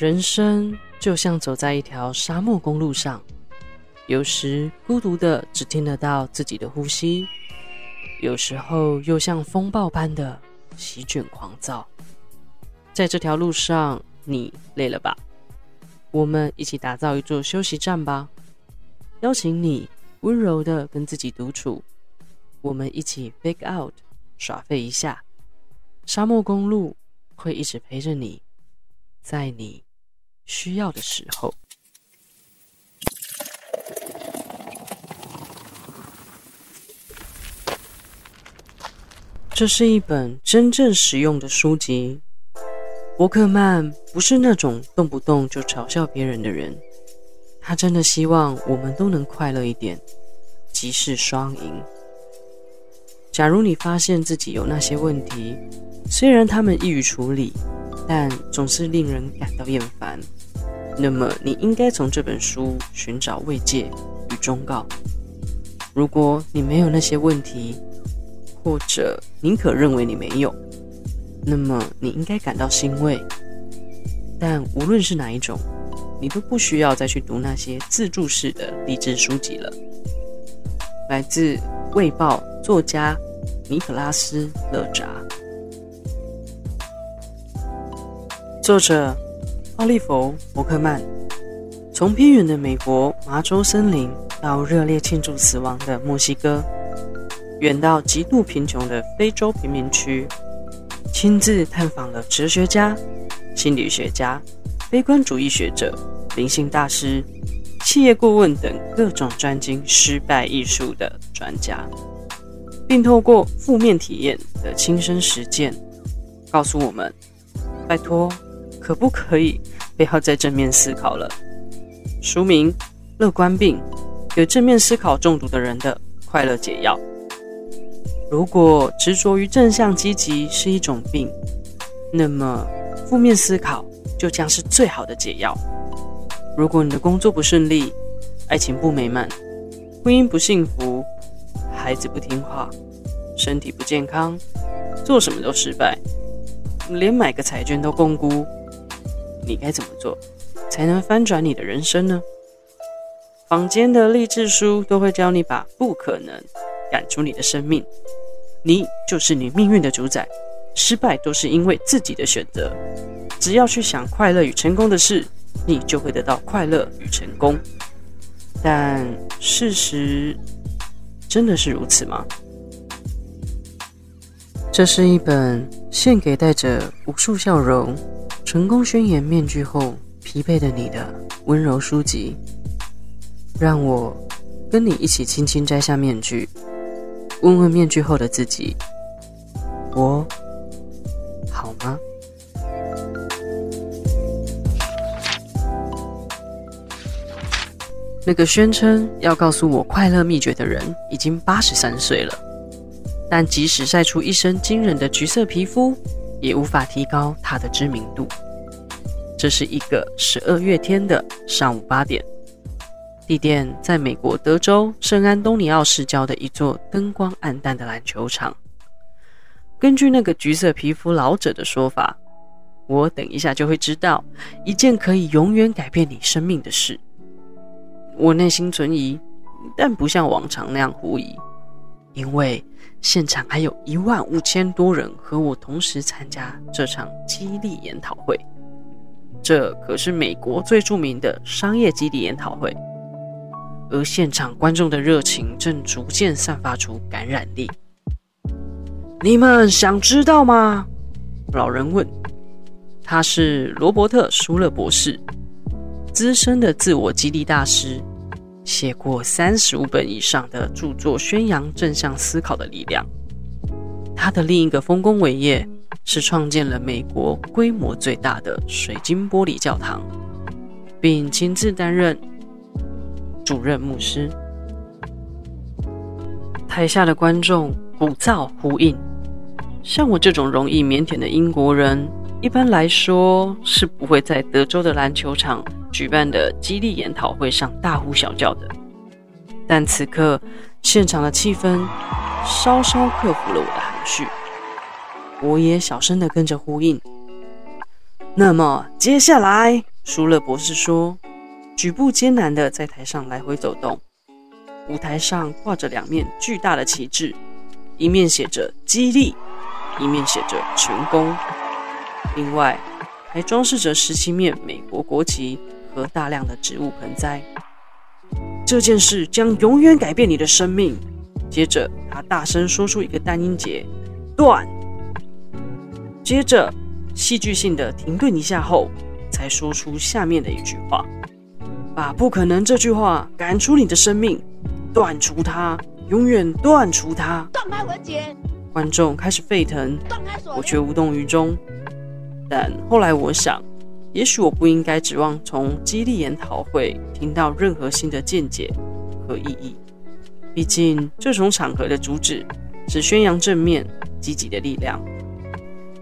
人生就像走在一條沙漠公路上，有時孤獨的只聽得到自己的呼吸，有時候又像風暴般的席捲狂躁。在這條路上，你累了吧？我們一起打造一座休息站吧，邀請你溫柔的跟自己獨處，我們一起 fake out 耍廢一下。沙漠公路會一直陪着你，在你。需要的時候，這是一本真正實用的書籍。伯克曼不是那種動不動就嘲笑別人的人，他真的希望我們都能快樂一點，即是雙贏。假如你發現自己有那些問題，雖然他們易於處理，但總是令人感到厭煩。那麼，你應該從這本書尋找慰藉與忠告。如果你沒有那些問題，或者寧可認為你沒有，那麼你應該感到欣慰。但無論是哪一種，你都不需要再去讀那些自助式的勵志書籍了。來自《衛報》作家尼可拉斯·勒扎，作者。奧利佛·伯克曼，從偏遠的美國麻州森林，到熱烈慶祝死亡的墨西哥，遠到極度貧窮的非洲貧民區，親自探訪了哲學家、心理學家、悲觀主義學者、靈性大師、企業顧問等各種專精失敗藝術的專家，並透過負面體驗的親身實踐，告訴我們：拜托。可不可以不要再正面思考了？書名：樂觀病，給正面思考中毒的人的快樂解藥。如果執着於正向積極是一種病，那麼負面思考就將是最好的解藥。如果你的工作不順利，愛情不美滿，婚姻不幸福，孩子不聽話，身體不健康，做什麼都失敗，連買個彩券都槓龜。你該怎麼做才能翻轉你的人生呢？坊間的勵志書都會教你把不可能趕出你的生命，你就是你命運的主宰，失敗都是因為自己的選擇。只要去想快樂與成功的事，你就會得到快樂與成功。但事實真的是如此嗎？這是一本獻給帶着無數笑容。成功宣言面具後疲憊的你的溫柔書籍，讓我跟你一起輕輕摘下面具，問問面具後的自己，我好嗎？那個宣稱要告訴我快樂秘訣的人已經八十三歲了，但即使曬出一身驚人的橘色皮膚。也無法提高他的知名度。這是一個十二月天的上午八點，地點在美國德州聖安東尼奧市郊的一座燈光暗淡的籃球場。根據那個橘色皮膚老者的說法，我等一下就會知道一件可以永遠改變你生命的事。我內心存疑，但不像往常那樣狐疑，因為。現場還有一萬五千多人和我同時參加這場激勵研討會，這可是美國最著名的商業激勵研討會。而現場觀眾的熱情正逐漸散發出感染力。你們想知道嗎？老人問。他是羅伯特·舒勒博士，資深的自我激勵大師。寫過三十五本以上的著作，宣揚正向思考的力量。他的另一個豐功偉業是創建了美國規模最大的水晶玻璃教堂，並親自擔任主任牧師。台下的觀眾鼓噪呼應，像我這種容易靦腆的英國人。一般來說是不會在德州的籃球場舉辦的激勵研討會上大呼小叫的，但此刻現場的氣氛稍稍克服了我的含蓄，我也小聲地跟着呼應。那麼接下來，舒勒博士說，舉步艱難地在台上來回走動。舞台上掛着兩面巨大的旗幟，一面寫着“激勵”，一面寫着“成功”。另外，還裝飾着十七面美國國旗和大量的植物盆栽。這件事將永遠改變你的生命。接着，他大聲說出一個單音節“斷”，接着戲劇性的停頓一下後，才說出下面的一句話：“把不可能這句話趕出你的生命，斷除它，永遠斷除它。”斷開魂結，觀眾開始沸騰，我卻無動於衷。但後來我想，也許我不應該指望從激勵研討會聽到任何新的見解和意義。畢竟，這種場合的主旨是宣揚正面、積極的力量。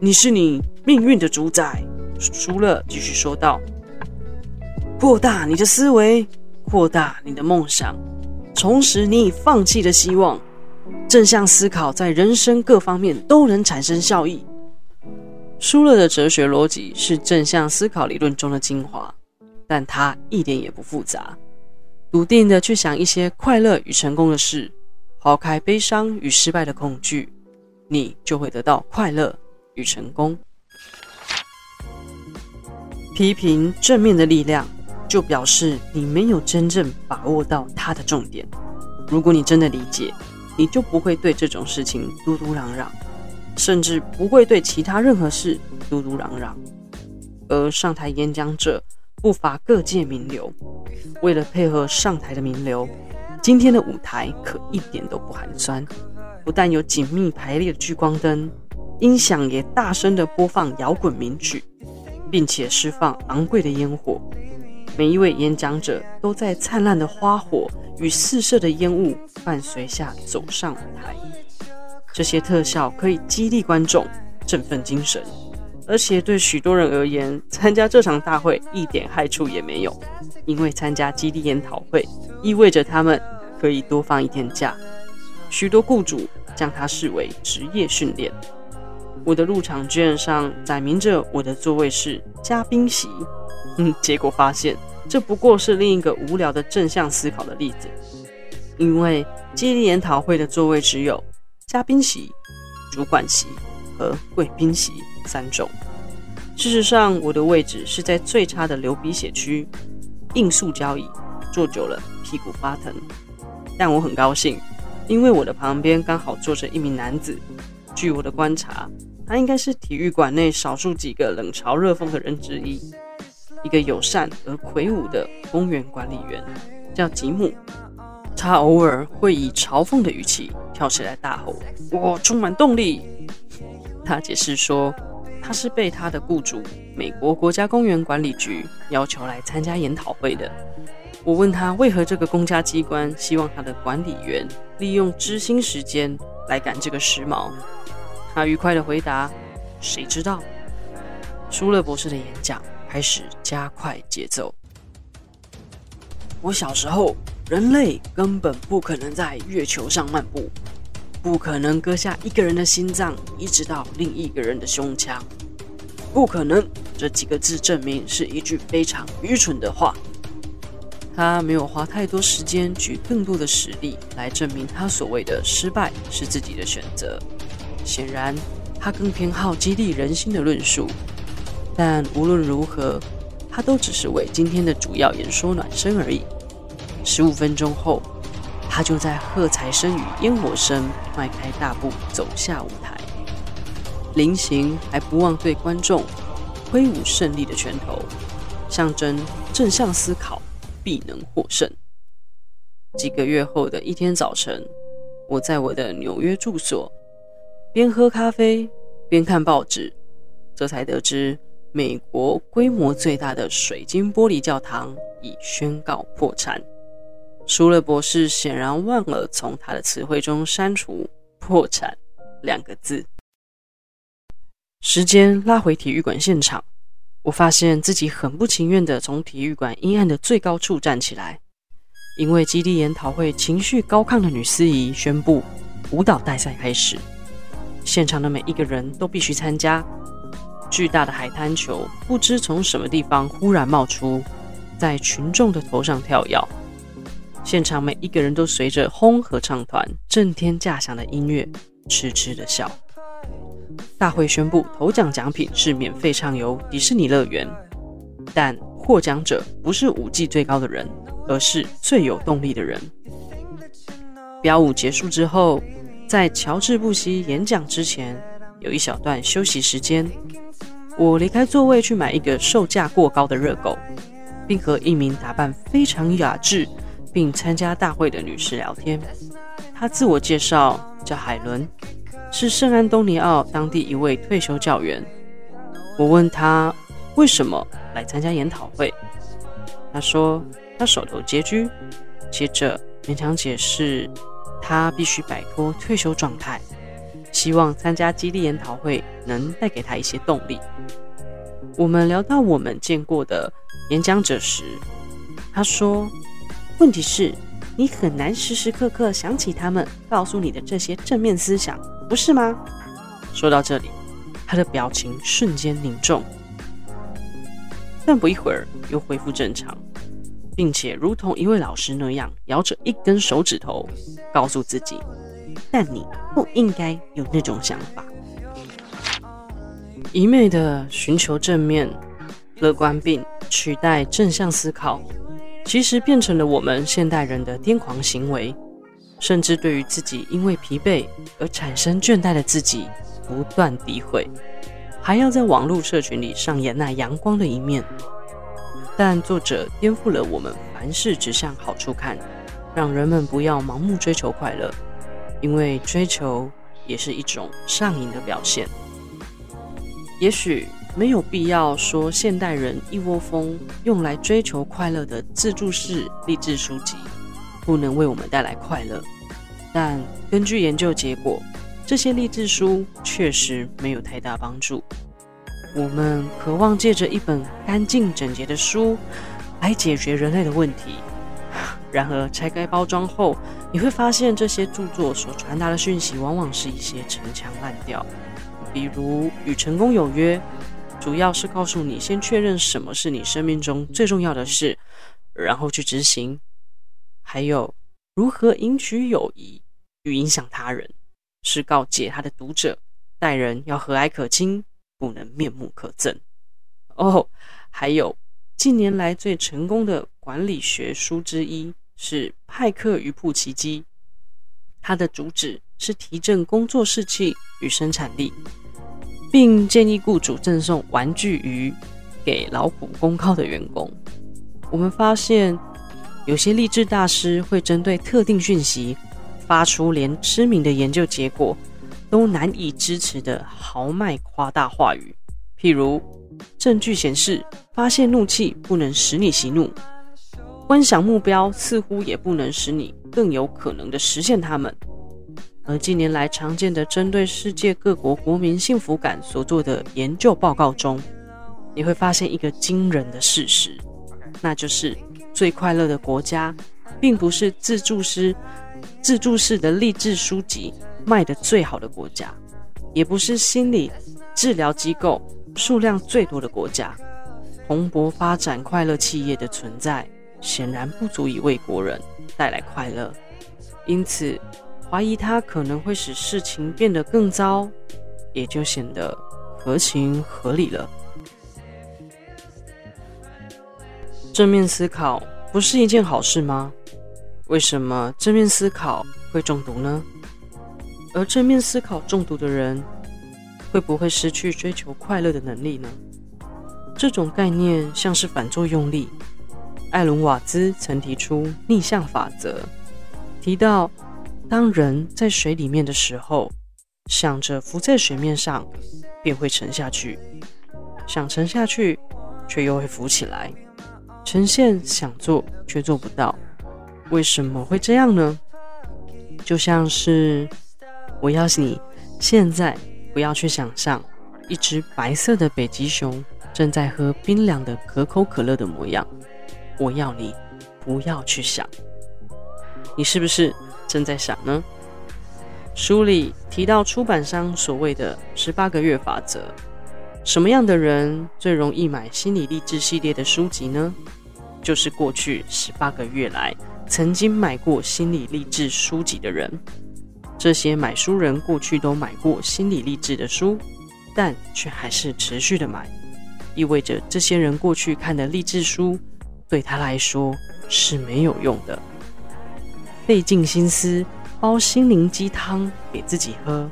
你是你命運的主宰。舒勒繼續說道：“擴大你的思維，擴大你的夢想，重拾你已放棄的希望。正向思考在人生各方面都能產生效益。”舒勒的哲學邏輯是正向思考理論中的精華，但它一點也不複雜。篤定的去想一些快樂與成功的事，拋開悲傷與失敗的恐懼，你就會得到快樂與成功。批評正面的力量，就表示你沒有真正把握到它的重點。如果你真的理解，你就不會對這種事情嘟嘟嚷嚷。甚至不會對其他任何事嘟嘟嚷嚷，而上台演講者不乏各界名流。為了配合上台的名流，今天的舞台可一點都不寒酸，不但有緊密排列的聚光燈，音響也大聲地播放搖滾名曲，並且釋放昂貴的煙火。每一位演講者都在燦爛的花火與四射的煙霧伴隨下走上舞台。這些特效可以激勵觀眾、振奮精神，而且對許多人而言，參加這場大會一點害處也沒有，因為參加激勵研討會意味着他們可以多放一天假。許多僱主將它視為職業訓練。我的入場券上載明着我的座位是嘉賓席。嗯，結果發現這不過是另一個無聊的正向思考的例子，因為激勵研討會的座位只有，嘉賓席、主管席和貴賓席三種。事實上，我的位置是在最差的流鼻血區，硬塑交椅坐久了屁股發疼。但我很高興，因為我的旁邊剛好坐着一名男子。據我的觀察，他應該是體育館內少數幾個冷嘲熱諷的人之一。一個友善而魁梧的公園管理員，叫吉姆。他偶爾會以嘲諷的語氣跳起來大吼：“我充滿動力。”他解釋說：“他是被他的雇主——美國國家公園管理局要求來參加研討會的。”我問他為何這個公家機關希望他的管理員利用知心時間來趕這個時髦。他愉快地回答：“誰知道？”舒勒博士的演講開始加快節奏。我小時候。人類根本不可能在月球上漫步，不可能割下一個人的心臟移植到另一個人的胸腔，不可能，這幾個字證明是一句非常愚蠢的話。他沒有花太多時間舉更多的實例來證明他所謂的失敗是自己的選擇。顯然，他更偏好激勵人心的論述。但無論如何，他都只是為今天的主要演說暖身而已。十五分鐘後，他就在喝彩聲與煙火聲邁開大步走下舞台，臨行還不忘對觀眾揮舞勝利的拳頭，象徵正向思考必能獲勝。幾個月後的一天早晨，我在我的紐約住所邊喝咖啡邊看報紙，這才得知美國規模最大的水晶玻璃教堂已宣告破產。舒勒博士顯然忘了從他的詞彙中刪除“破產”兩個字。時間拉回體育館現場，我發現自己很不情願地從體育館陰暗的最高處站起來，因為基地研討會情緒高亢的女司儀宣布舞蹈大賽開始，現場的每一個人都必須參加。巨大的海灘球不知從什麼地方忽然冒出，在群眾的頭上跳躍。現場每一個人都隨着轟合唱團震天價響的音樂痴痴的笑。大會宣布頭獎獎品是免費暢遊迪士尼樂園，但獲獎者不是舞技最高的人，而是最有動力的人。表舞結束之後，在喬治布希演講之前，有一小段休息時間。我離開座位去買一個售價過高的熱狗，並和一名打扮非常雅致，並參加大會的女士聊天。她自我介紹叫海倫，是聖安東尼奧當地一位退休教員。我問她為什麼來參加研討會，她說她手頭拮據，接着勉強解釋她必須擺脫退休狀態，希望參加激勵研討會能帶給她一些動力。我們聊到我們見過的演講者時，她說：問題是，你很難時時刻刻想起他們告訴你的這些正面思想，不是嗎？說到這裡，他的表情瞬間凝重，但不一會兒又恢復正常，並且如同一位老師那樣，搖着一根手指頭，告訴自己：“但你不應該有那種想法。”一味的尋求正面、樂觀並取代正向思考。其實變成了我們現代人的癲狂行為，甚至對於自己因為疲憊而產生倦怠的自己，不斷詆毀，還要在網絡社群裡上演那陽光的一面。但作者顛覆了我們凡事只向好處看，讓人們不要盲目追求快樂，因為追求也是一種上癮的表現。也許。沒有必要說，現代人一窩蜂用來追求快樂的自助式勵志書籍不能為我們帶來快樂。但根據研究結果，這些勵志書確實沒有太大幫助。我們渴望借着一本乾淨整潔的書來解決人類的問題，然而拆開包裝後，你會發現這些著作所傳達的訊息往往是一些陳腔濫調，比如與成功有約。主要是告訴你，先確認什麼是你生命中最重要的事，然後去執行。還有，如何贏取友誼與影響他人，是告誡他的讀者，待人要和藹可親，不能面目可憎。哦，還有近年來最成功的管理學書之一是《派克與普奇基》，它的主旨是提振工作士氣與生產力。並建議僱主贈送玩具魚給勞苦功高的員工。我們發現，有些勵志大師會針對特定訊息，發出連知名的研究結果都難以支持的豪邁誇大話語。譬如，證據顯示，發洩怒氣不能使你息怒，觀想目標似乎也不能使你更有可能的實現它們。而近年來常見的針對世界各國國民幸福感所做的研究報告中，你會發現一個驚人的事實，那就是最快樂的國家，並不是自助師、自助式的勵志書籍賣得最好的國家，也不是心理治療機構數量最多的國家。蓬勃發展快樂企業的存在，顯然不足以為國人帶來快樂，因此，懷疑它可能會使事情變得更糟，也就顯得合情合理了。正面思考不是一件好事嗎？為什麼正面思考會中毒呢？而正面思考中毒的人會不會失去追求快樂的能力呢？這種概念像是反作用力。艾倫·瓦茲曾提出逆向法則，提到。當人在水裡面的時候，想着浮在水面上，便會沉下去；想沉下去，卻又會浮起來，呈現想做卻做不到。為什麼會這樣呢？就像是我要你，現在不要去想象一只白色的北極熊正在喝冰涼的可口可樂的模樣。我要你不要去想，你是不是？正在想呢？書裡提到出版商所謂的“十八個月法則”，什麼樣的人最容易買心理勵志系列的書籍呢？就是過去十八個月來曾經買過心理勵志書籍的人。這些買書人過去都買過心理勵志的書，但卻還是持續的買，意味着這些人過去看的勵志書對他來說是沒有用的。費盡心思煲心靈雞湯給自己喝，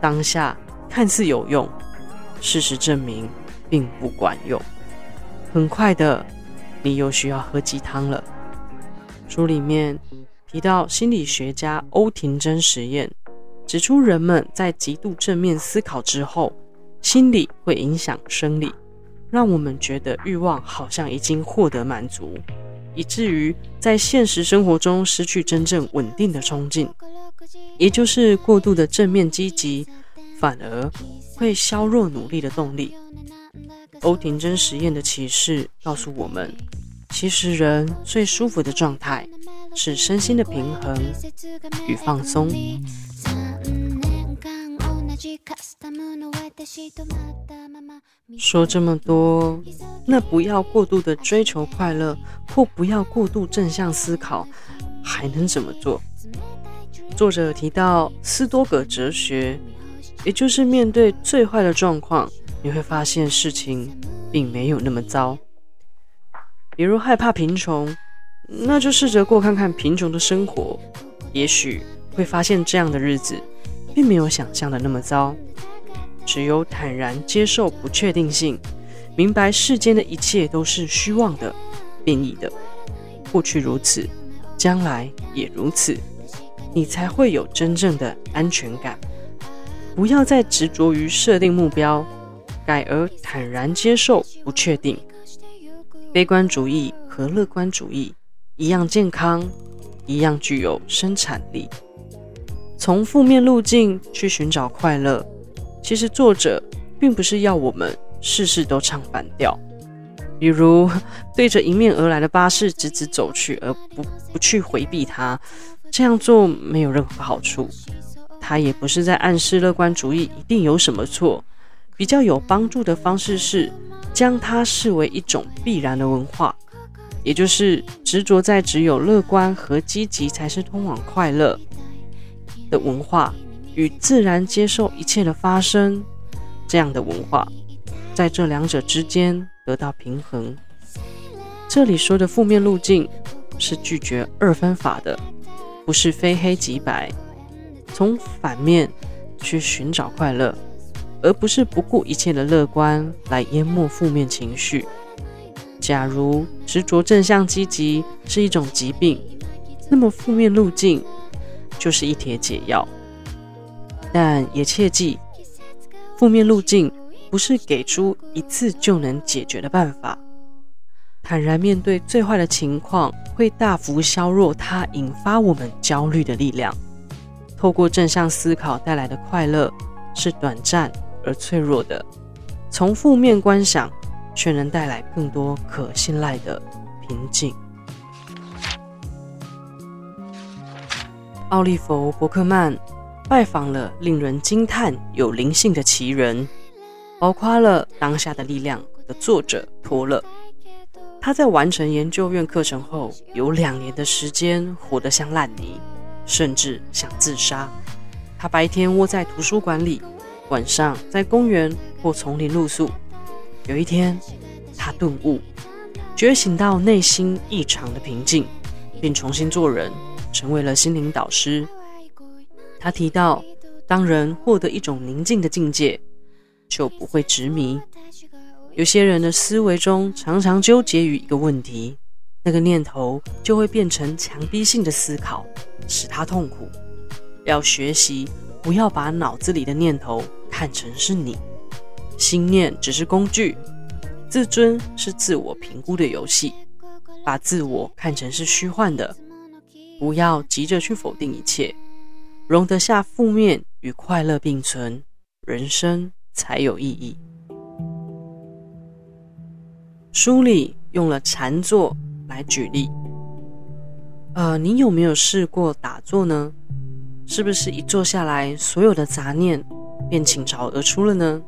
當下看似有用，事實證明並不管用。很快的，你又需要喝雞湯了。書裡面提到心理學家歐廷真實驗，指出人們在極度正面思考之後，心理會影響生理，讓我們覺得欲望好像已經獲得滿足。以至於在現實生活中失去真正穩定的衝勁，也就是過度的正面積極，反而會削弱努力的動力。歐廷真實驗的啟示告訴我們，其實人最舒服的狀態是身心的平衡與放鬆。說這麼多，那不要過度的追求快樂，或不要過度正向思考，還能怎麼做？作者提到斯多葛哲學，也就是面對最壞的狀況，你會發現事情並沒有那麼糟。比如害怕貧窮，那就試着過看看貧窮的生活，也許會發現這樣的日子。並沒有想象的那麼糟，只有坦然接受不確定性，明白世間的一切都是虛妄的、變異的。過去如此，將來也如此，你才會有真正的安全感。不要再執着於設定目標，改而坦然接受不確定。悲觀主義和樂觀主義一樣健康，一樣具有生產力。從負面路徑去尋找快樂，其實作者並不是要我們事事都唱反調，比如對着迎面而來的巴士直直走去而不不去回避它，這樣做沒有任何好處。他也不是在暗示樂觀主義一定有什麼錯。比較有幫助的方式是將它視為一種必然的文化，也就是執着在只有樂觀和積極才是通往快樂的文化與自然接受一切的發生，這樣的文化在這兩者之間得到平衡。這裡說的負面路徑是拒絕二分法的，不是非黑即白，從反面去尋找快樂，而不是不顧一切的樂觀來淹沒負面情緒。假如執着正向積極是一種疾病，那麼負面路徑。就是一帖解藥，但也切記，負面路徑不是給出一次就能解決的辦法。坦然面對最壞的情況，會大幅削弱它引發我們焦慮的力量。透過正向思考帶來的快樂是短暫而脆弱的，從負面觀想卻能帶來更多可信賴的平靜。奧利弗·伯克曼拜訪了令人驚嘆、有靈性的奇人，包括了《當下的力量》的作者托勒。他在完成研究院課程後，有兩年的時間活得像爛泥，甚至想自殺。他白天窩在圖書館裡，晚上在公園或叢林露宿。有一天，他頓悟，覺醒到內心異常的平靜，並重新做人。成為了心靈導師。他提到，當人獲得一種寧靜的境界，就不會執迷。有些人的思維中常常糾結於一個問題，那個念頭就會變成強迫性的思考，使他痛苦。要學習，不要把腦子裡的念頭看成是你，心念只是工具。自尊是自我評估的遊戲，把自我看成是虛幻的。不要急着去否定一切，容得下負面與快樂並存，人生才有意義。書裡用了禪坐來舉例。呃，你有沒有試過打坐呢？是不是一坐下來，所有的雜念便傾巢而出了呢？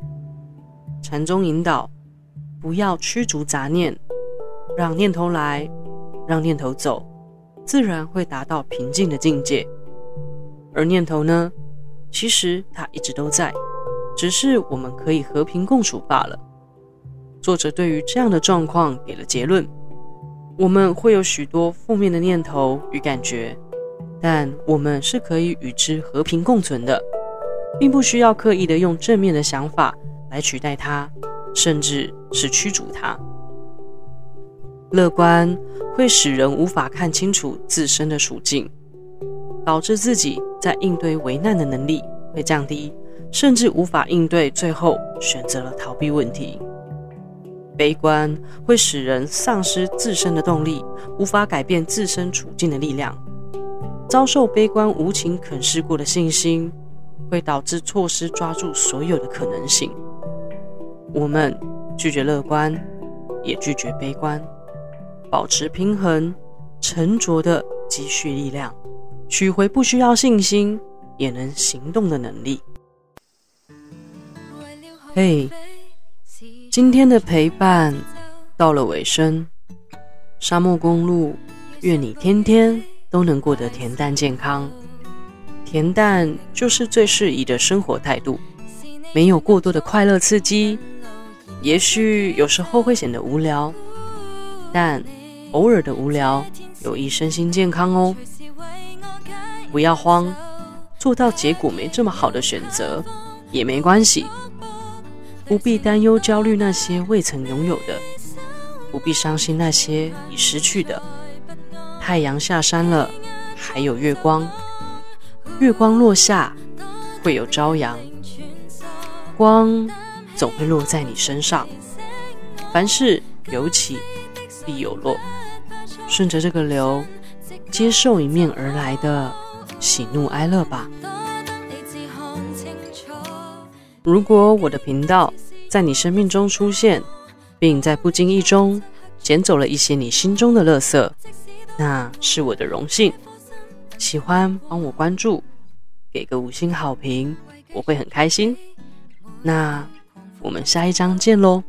禪宗引導，不要驅逐雜念，讓念頭來，讓念頭走。自然會達到平靜的境界，而念頭呢，其實它一直都在，只是我們可以和平共處罷了。作者對於這樣的狀況給了結論：我們會有許多負面的念頭與感覺，但我們是可以與之和平共存的，並不需要刻意的用正面的想法來取代它，甚至是驅逐它。樂觀會使人無法看清楚自身的處境，導致自己在應對危難的能力會降低，甚至無法應對，最後選擇了逃避問題。悲觀會使人喪失自身的動力，無法改變自身處境的力量。遭受悲觀無情啃噬過的信心，會導致錯失抓住所有的可能性。我們拒絕樂觀，也拒絕悲觀。保持平衡，沉着地積蓄力量，取回不需要信心也能行動的能力。嘿，今天的陪伴到了尾聲。沙漠公路，願你天天都能過得恬淡健康。恬淡就是最適宜的生活態度，沒有過多的快樂刺激，也許有時候會顯得無聊，但。偶爾的無聊有益身心健康哦。不要慌，做到結果沒這麼好的選擇也沒關係，不必擔憂焦慮那些未曾擁有的，不必傷心那些已失去的。太陽下山了，還有月光；月光落下，會有朝陽。光總會落在你身上，凡事有起必有落。順着這個流，接受迎面而來的喜怒哀樂吧。如果我的頻道在你生命中出現，並在不經意中撿走了一些你心中的垃圾，那是我的榮幸。喜歡幫我關注，給個五星好評，我會很開心。那我們下一章見嘍。